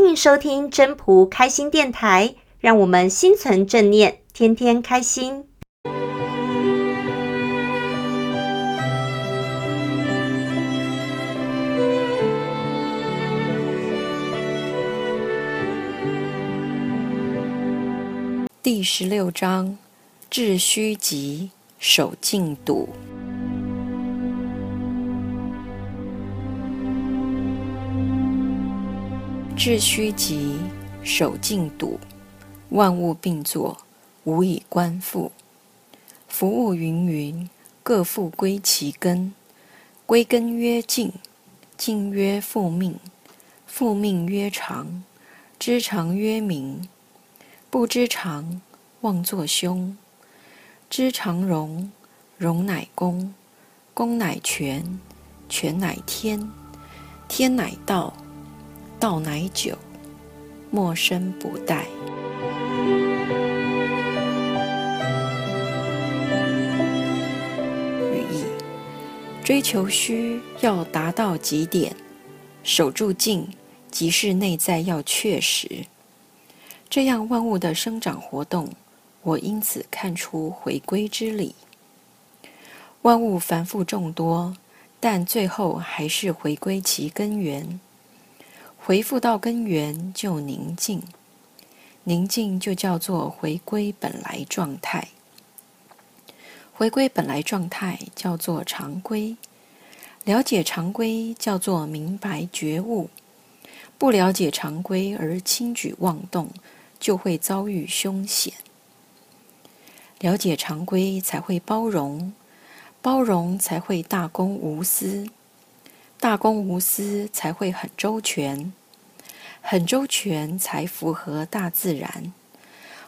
歡迎收聽真樸開心電台，讓我們心存正念，天天開心。第十六章：致虛極，守靜篤。致虛極，守靜篤。萬物並作，吾以觀復。夫物芸芸，各復歸其根。歸根曰靜，靜曰復命。復命曰常，知常曰明。不知常，妄作凶。知常容，容乃公，公乃全，全乃天，天乃道。道乃久，沒身不殆。寓意：追求虛要達到極點，守住靜即是內在要確實。這樣萬物的生長活動，我因此看出回歸之理。萬物繁複眾多，但最後還是回歸其根源。回復到根源就寧靜，寧靜就叫做回歸本來狀態。回歸本來狀態叫做常規，了解常規叫做明白覺悟。不了解常規而輕舉妄動，就會遭遇凶險。了解常規才會包容，包容才會大公無私，大公無私才會很周全。很周全，才符合大自然；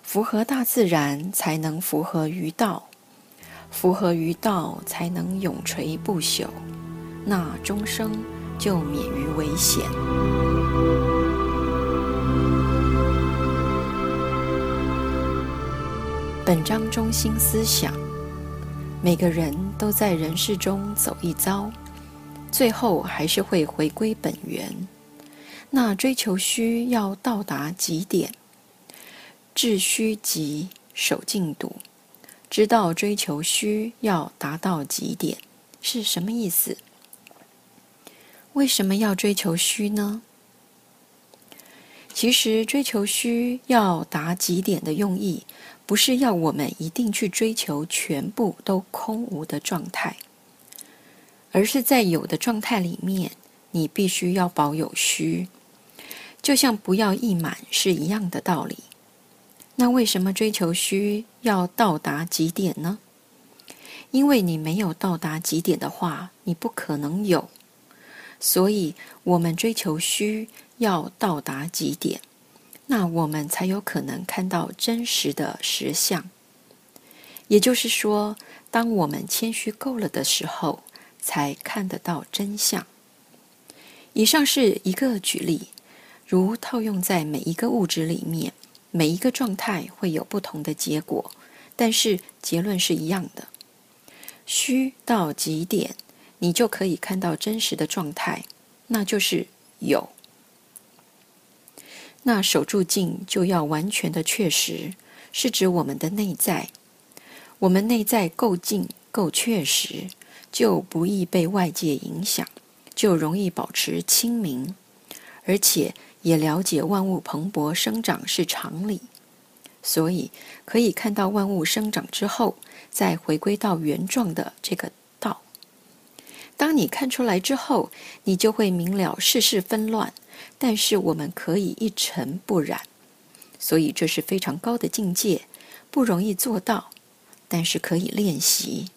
符合大自然，才能符合於道；符合於道，才能永垂不朽。那終生就免於危險。本章中心思想：每個人都在人世中走一遭，最後還是會回歸本源。那追求虛要到達極點，致虛極，守靜篤，知道追求虛要達到極點是什麼意思？為什麼要追求虛呢？其實追求虛要達極點的用意，不是要我們一定去追求全部都空無的狀態，而是在有的狀態裡面，你必須要保有虛。就像不要溢滿是一樣的道理。那為什麼追求虛要到達極點呢？因為你沒有到達極點的話，你不可能有。所以，我們追求虛要到達極點，那我們才有可能看到真實的實相。也就是說，當我們謙虛夠了的時候，才看得到真相。以上是一個舉例。如套用在每一個物質裡面，每一個狀態會有不同的結果，但是結論是一樣的。虛到極點，你就可以看到真實的狀態，那就是有。那守住靜就要完全的確實，是指我們的內在，我們內在夠靜夠確實，就不易被外界影響，就容易保持清明，而且。也了解萬物蓬勃生長是常理，所以可以看到萬物生長之後，再回歸到原狀的這個道。當你看出來之後，你就會明了世事紛亂，但是我們可以一塵不染。所以這是非常高的境界，不容易做到，但是可以練習。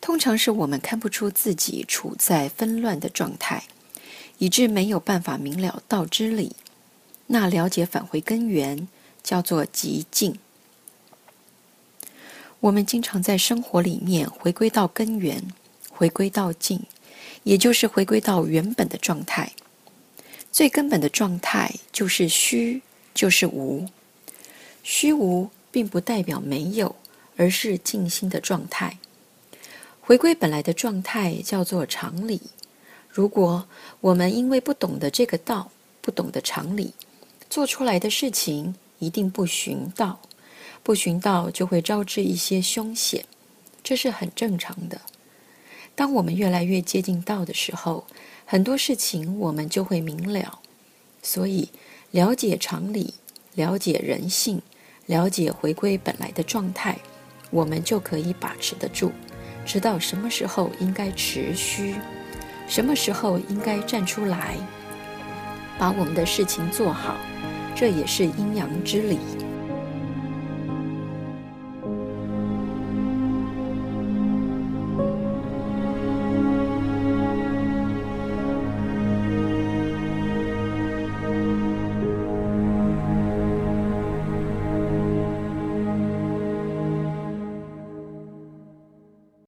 通常是我們看不出自己處在紛亂的狀態。以致沒有辦法明了道之理，那了解返回根源叫做極靜。我們經常在生活裡面回歸到根源，回歸到靜，也就是回歸到原本的狀態。最根本的狀態就是虛，就是無。虛無並不代表沒有，而是靜心的狀態。回歸本來的狀態叫做常理。如果我們因為不懂得這個道，不懂得常理，做出來的事情一定不循道，不循道就會招致一些凶險，這是很正常的。當我們越來越接近道的時候，很多事情我們就會明了。所以，了解常理，了解人性，了解回歸本來的狀態，我們就可以把持得住，知道什麼時候應該持續。什麼時候應該站出來，把我們的事情做好，這也是陰陽之理。